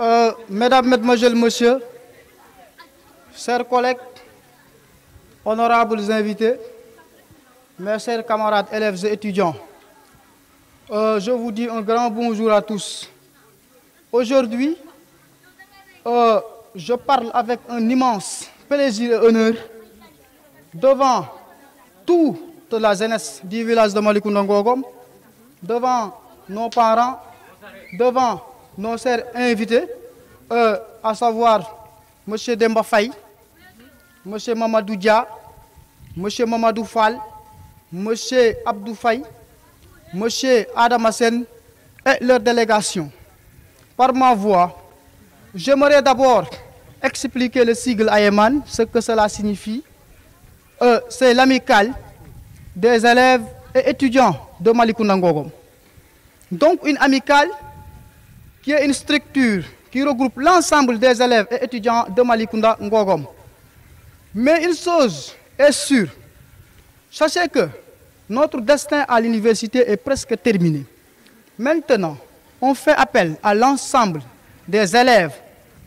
Euh, mesdames, Mesdemoiselles, Messieurs, chers collègues, honorables invités, mes chers camarades, élèves et étudiants, euh, je vous dis un grand bonjour à tous. Aujourd'hui, euh, je parle avec un immense plaisir et honneur devant tout toute la jeunesse du village de Malikounda Ngogom, devant nos parents, devant nos sœurs invités, euh, à savoir monsieur Demba Faye, M. Mamadou Dia, monsieur Mamadou Fall, M. Abdou Faye, M. Adam Hassen et leur délégation. Par ma voix, j'aimerais d'abord expliquer le sigle Ayman, ce que cela signifie. Euh, C'est l'amicale des élèves et étudiants de Malikounda Ngogom. Donc une amicale qui est une structure qui regroupe l'ensemble des élèves et étudiants de malikunda Ngogom. Mais une chose est sûre, sachez que notre destin à l'université est presque terminé. Maintenant, on fait appel à l'ensemble des élèves,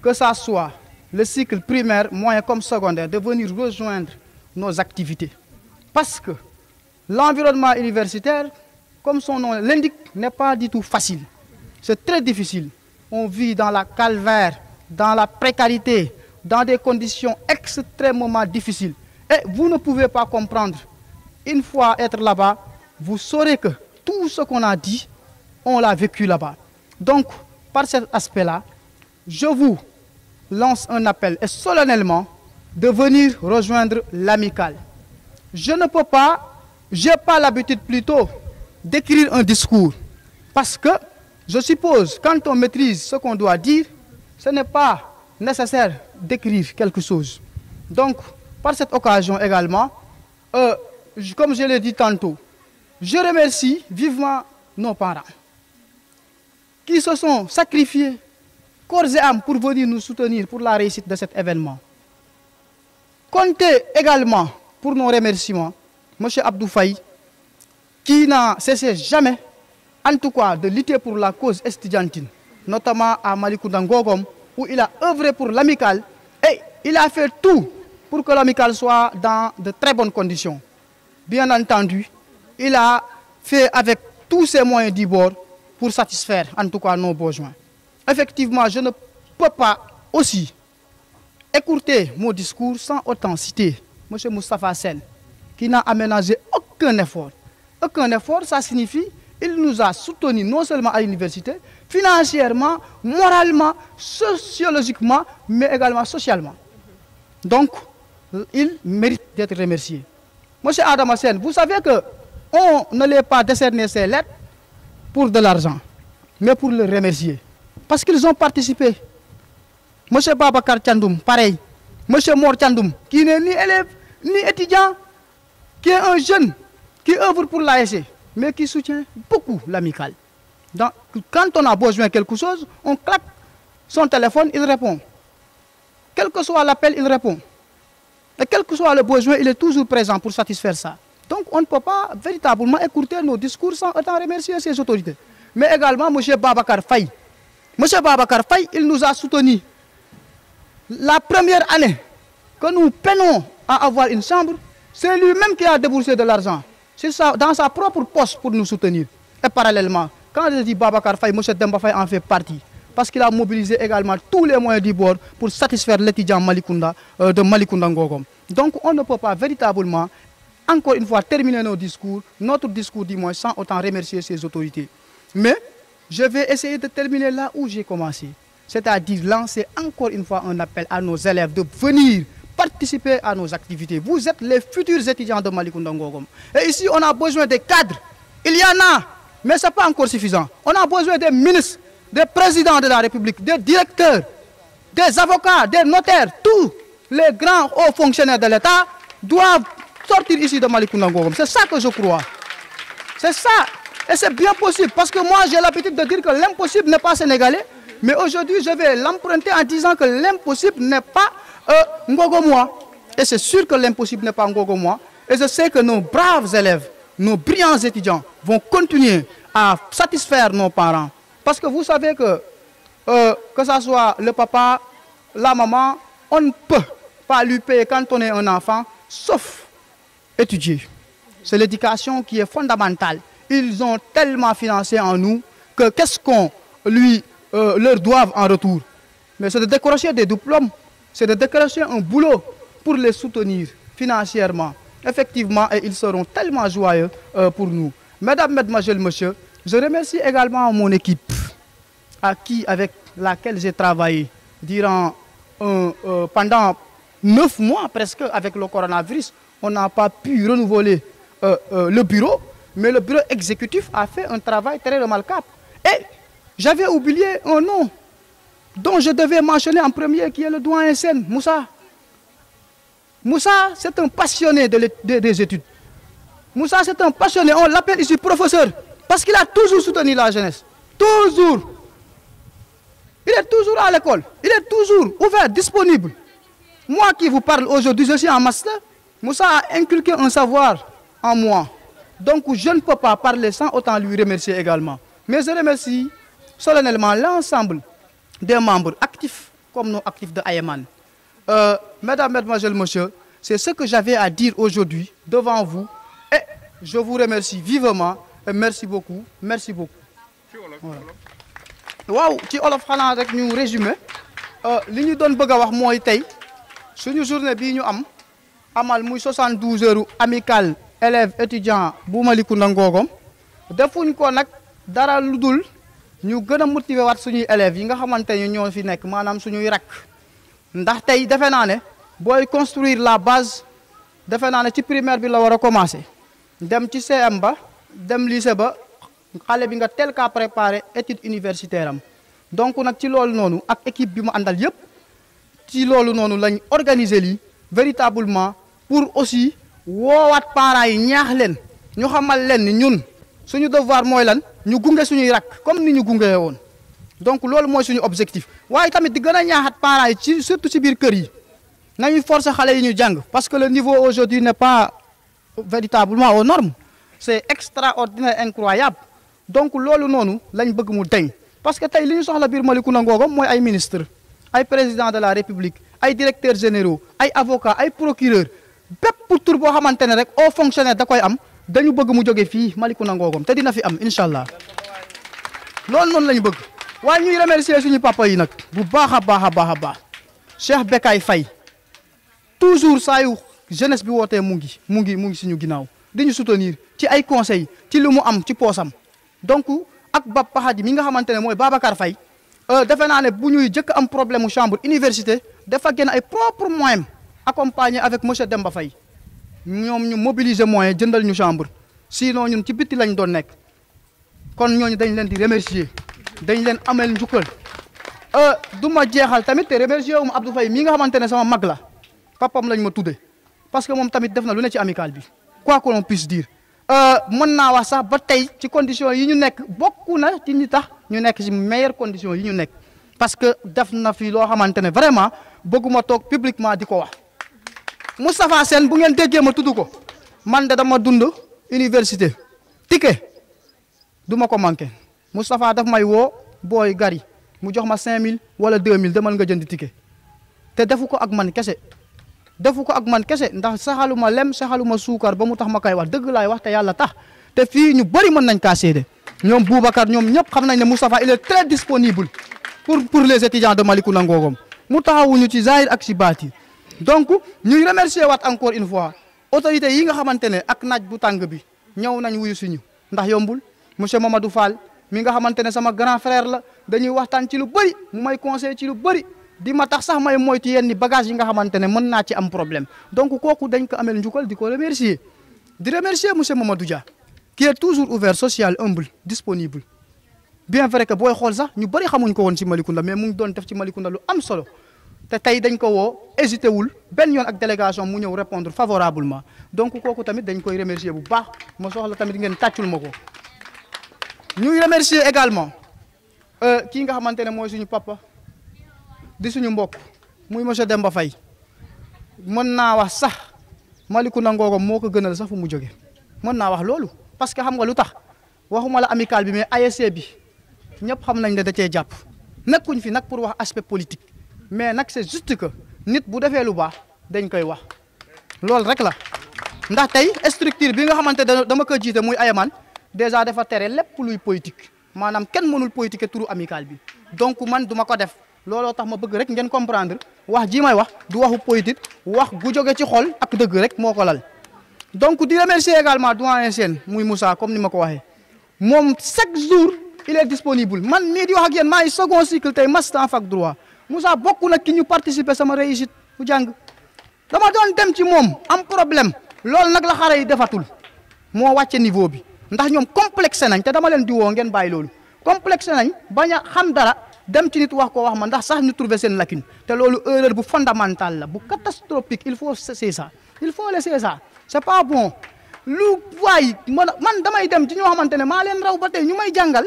que ça soit le cycle primaire, moyen comme secondaire, de venir rejoindre nos activités. Parce que L'environnement universitaire, comme son nom l'indique, n'est pas du tout facile. C'est très difficile. On vit dans la calvaire, dans la précarité, dans des conditions extrêmement difficiles. Et vous ne pouvez pas comprendre. Une fois être là-bas, vous saurez que tout ce qu'on a dit, on l'a vécu là Donc, par cet aspect-là, je vous lance un appel et solennellement de venir rejoindre l'amicale. Je ne peux pas j'ai pas l'habitude plutôt d'écrire un discours parce que je suppose quand on maîtrise ce qu'on doit dire ce n'est pas nécessaire d'écrire quelque chose donc par cette occasion également euh, comme je l'ai dit tantôt je remercie vivement nos parents qui se sont sacrifiés corps et âme pour venir nous soutenir pour la réussite de cet événement comptez également pour nos remerciements monsieur Abdou Faye, qui n'a cessé jamais, en tout cas, de lutter pour la cause estudiantine, notamment à Malikoudangogom, où il a œuvré pour l'amicale et il a fait tout pour que l'amicale soit dans de très bonnes conditions. Bien entendu, il a fait avec tous ses moyens du bord pour satisfaire, en tout cas, nos besoins. Effectivement, je ne peux pas aussi écouter mon discours sans autant citer M. Moustapha Sen, qui n'a aménagé aucun effort. Aucun effort, ça signifie il nous a soutenus non seulement à l'université, financièrement, moralement, sociologiquement, mais également socialement. Donc, il mérite d'être remercié. Monsieur Adam Hassen, vous savez que on ne les pas décerné ces lettres pour de l'argent, mais pour le remercier. Parce qu'ils ont participé. Monsieur Babacar Tchandoum, pareil. Monsieur Mor Tchandoum, qui ni élève, ni étudiant, qui un jeune qui œuvre pour l'ASC, mais qui soutient beaucoup l'amicale. Donc, quand on a besoin quelque son téléphone, il répond. Quel que soit l'appel, il répond. Et quel que soit le besoin, il est toujours présent pour satisfaire ça. Donc, on ne peut pas véritablement écouter nos discours sans autant remercier ces autorités. Mais également, M. Babacar Faye. M. Babacar Faye, il nous a soutenus. La première année que nous peinons à avoir une chambre, C'est lui-même qui a déboursé de l'argent. C'est ça, dans sa propre poste pour nous soutenir. Et parallèlement, quand je dis Babacar Faye, M. Demba Faye en fait partie. Parce qu'il a mobilisé également tous les moyens du bord pour satisfaire l'étudiant Malikunda, euh, de Malikunda Ngogom. Donc on ne peut pas véritablement, encore une fois, terminer nos discours, notre discours du moins, sans autant remercier ces autorités. Mais je vais essayer de terminer là où j'ai commencé. participer à nos activités. Vous êtes les futurs étudiants de Malikounda Ngogom. Et ici, on a besoin des cadres. Il y en a, mais ce pas encore suffisant. On a besoin des ministres, des présidents de la République, des directeurs, des avocats, des notaires, tous les grands hauts fonctionnaires de l'État doivent sortir ici de Malikounda Ngogom. C'est ça que je crois. C'est ça. Et c'est bien possible, parce que moi j'ai l'habitude de dire que l'impossible n'est pas Mais aujourd'hui, je vais l'emprunter en disant que l'impossible n'est pas euh, Ngogomois. Et c'est sûr que l'impossible n'est pas Ngogomois. Et je sais que nos braves élèves, nos brillants étudiants vont continuer à satisfaire nos parents. Parce que vous savez que, euh, que ce soit le papa, la maman, on ne peut pas lui payer quand on est un enfant, sauf étudier. C'est l'éducation qui est fondamentale. Ils ont tellement financé en nous que qu'est-ce qu'on lui euh, leur doivent en retour. Mais c'est de décrocher des diplômes, c'est de décrocher un boulot pour les soutenir financièrement. Effectivement, et ils seront tellement joyeux euh, pour nous. Mesdames, Mesdemoiselles, Messieurs, je remercie également mon équipe, à qui, avec laquelle j'ai travaillé durant, euh, pendant neuf mois presque avec le coronavirus. On n'a pas pu renouveler euh, euh, le bureau, mais le bureau exécutif a fait un travail très remarquable. Et J'avais oublié un nom dont je devais mentionner en premier, qui est le doyen Sen, Moussa. Moussa, c'est un passionné de de, des études. mussa c'est un passionné. On l'appelle ici professeur parce qu'il a toujours soutenu la jeunesse. Toujours. Il est toujours ouvert, disponible. Moi qui vous parle aujourd'hui, je suis en master. Moussa a inculqué un savoir en moi. Donc je ne peux pas parler sans autant lui remercier également. Mais je remercie solennellement l'ensemble des membres actifs comme non actifs de Ayman. Euh, mesdames, mesdemoiselles, messieurs, c'est ce que j'avais à dire aujourd'hui devant vous et je vous remercie vivement et merci beaucoup merci beaucoup. waaw ci olof xanaa rek ñu résumé euh, li ñu doon bëgg a wax mooy tey suñu journée bii ñu am amal muy 72 heures amicale élèves étudiants bu Malicounda Ngogom defuñ ko nag dara lu dul. ñu gën a motiver suñuy élèves yi nga xamante ni ñoo fi nekk maanaam suñuy rakk ndax tey defe naa ne booy construire la base defe naa ne ci primaire bi la war a commencer dem ci CM ba dem lycée ba xale bi nga tel ka préparer étude universitaire am donc nag ci loolu noonu ak équipe bi mu àndal yépp ci loolu noonu lañ organiser lii véritablement pour aussi woowaat parents yi ñaax leen ñu xamal leen ni ñun. suñu devoir mooy lan ñu gunge suñuy rakk comme ni ñu gungee woon donc loolu mooy suñu objectif waaye tamit di gën a ñaaxat parents yi ci surtout ci biir kër yi nañu forcer xale yi ñu jàng parce que le niveau aujourd'hui n'est pas véritablement aux normes c'est extraordinaire incroyable donc loolu noonu lañ bëgg mu deñ parce que tey li ñu soxla biir Malicounda Ngogom mooy ay ministre ay président de la république ay directeurs généraux ay avocats ay procureurs bépp pour boo xamante ne rek au fonctionnaire da koy am dañu bëgg mu jóge fii maliku Ngogom te dina fi am incha allah loolu noonu lañu bëgg waa ñuy remercier suñu papa yi nag bu baax a baax a baax a baax fay Bekay Faye toujours saa yu jeunesse bi wootee mu ngi mu ngi mu ngi suñu ginnaaw di ñu soutenir ci ay conseil ci li mu am ci poosam donc ak Bab Paxadi mi nga xamante ne mooy Babacar Faye euh, defe naa ne bu ñuy jëkk am problème mu chambre université dafa génn ay propres moyens accompagné avec monsieur Demba fay ñoom ñu mobiliser moyen jëndal ñu chambre sinon ñun ci bitti lañ doon nekk kon ñooñu dañ leen di remercier dañ leen amel njukkal euh, du ma jeexal tamit te remercier wu ma Abdou Faye mii nga xamante ne sama mag la papam lañ ma tudde parce que moom tamit def na lu ne ci amical bi quoi que l'on diir dire euh, mën naa wax sax ba tey ci condition yi ñu nekk bokku na ci ñi tax ñu nekk ci meilleure condition yi ñu nekk parce que def na fii loo xamante ne vraiment bëgguma toog publiquement di ko wax Moustapha Sène bu ngeen déggee ma tudd ko man de dama dund université tike duma ko manqué Moustapha daf may woo booy gari mu jox ma cinq 5000 wala 2000 demal nga jënd tike te defu ko ak man kese defu ko ak man kese ndax saxaluma lem saxaluma suukar ba mu tax ma kay wax dëgg laay wax te yàlla tax te fii ñu bëri mën nañ kaa seede ñoom Boubacar ñoom ñëpp xam nañ ne Moustapha il est très disponible pour pour les étudiants de Malicounda Ngogom mu taxawuñu ci zahir ak ci baati donc ñuy remercier waat encore une fois autorités yi nga xamante ne ak naaj bu tàng bi ñëw nañ wuyu suñu ndax yombul monsieur Mamadou Fall mi nga xamante ne sama grand frère la dañuy waxtaan ci lu bëri mu may conseil ci lu bëri di ma tax sax may moytu yenn bagage yi nga xamante ne mën naa ci am problème donc kooku dañ ko amel njukkal di ko remercier di remercier monsieur Mamadou Dia qui est toujours ouvert social humble disponible bien vrai que booy xool sax ñu bëri xamuñ ko woon ci Malicounda mais mu ngi doon def ci Malicounda lu am solo te tey dañ ko woo hésité wul benn yoon ak délégation mu ñëw répondre favorablement donc kooku tamit dañ koy remercier bu baax ma soxla tamit ngeen tàccul ma ko ñuy remercier également euh, kii nga xamante ne mooy suñu papa di suñu mbokk muy monsieur Demba Faye mën naa wax sax ku nangoo ko moo ko gënal sax fu mu jóge mën naa wax loolu parce que xam nga lu tax waxuma la amical bi mais ASC bi ñëpp xam nañ ne da cee jàpp kuñ fi nag pour wax aspect politique mais nag c'est juste que nit bu defee lu baax dañ koy wax loolu rek la ndax tey structure bi nga xamante ne dama ko jiite muy ayamaan déjà dafa tere lépp luy politique maanaam kenn mënul politique turu amical bi donc man duma ko def looloo tax ma bëgg rek ngeen comprendre wax jii may wax du waxu politique wax gu jóge ci xol ak dëgg rek moo ko lal donc di remercier également doyen seen muy Moussa comme ni ma ko waxee moom chaque jour il est disponible man mii di wax ak yéen ngi second cycle tey master en fac Moussa bokk na ki ñu participer sama réussite mu jàng dama doon dem ci moom am problème loolu nag la xale yi defatul moo wàcce niveau bi ndax ñoom complexe nañ te dama leen di woo ngeen bàyyi loolu complexe nañ bañ a xam dara dem ci nit wax ko wax ma ndax sax ñu trouver seen lacune te loolu erreur bu fondamentale la bu catastrophique il faut c'est ça il faut laisser ça c'est pas bon lu waay man man damay dem ci ñoo xamante ne maa leen raw ba tey ñu may jàngal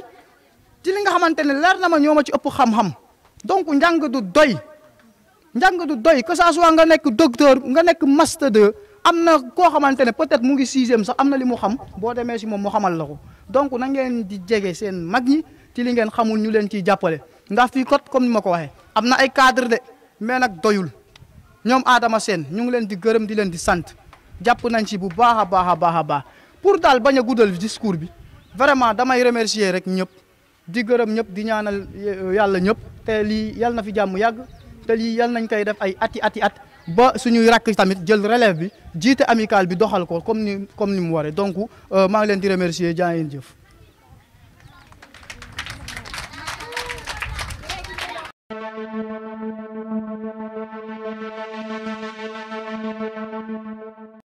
ci li nga xamante ne leer na ma ñoo ma ci ëpp xam-xam. donc njàng doy njàng doy que ça soit nga nekk docteur nga nekk master de am na koo xamante ne peut-être mu ngi sixième sax am na li mu xam boo demee si moom mu xamal la ko donc na ngeen di jege seen mag ñi ti li ngeen xamul ñu leen ciy jàppale ndax fii kot comme nu ma ko waxee am na ay cadre de mais nag doyul ñoom Adama seen ñu ngi leen di gërëm di leen di sant jàpp nañ si bu baax a baax a baax a baax pour daal bañ a guddal discours bi vraiment damay remercier rek ñëpp di gërëm ñëpp di ñaanal euh, yàlla ñëpp te lii yal na fi jàmm yàgg te lii yal nañ koy def ay ati ati at ba suñuy rakk tamit jël relève bi jiite amical bi doxal ko comme ni comme ni mu waree donc euh, maa ngi leen di remercier jaa jëf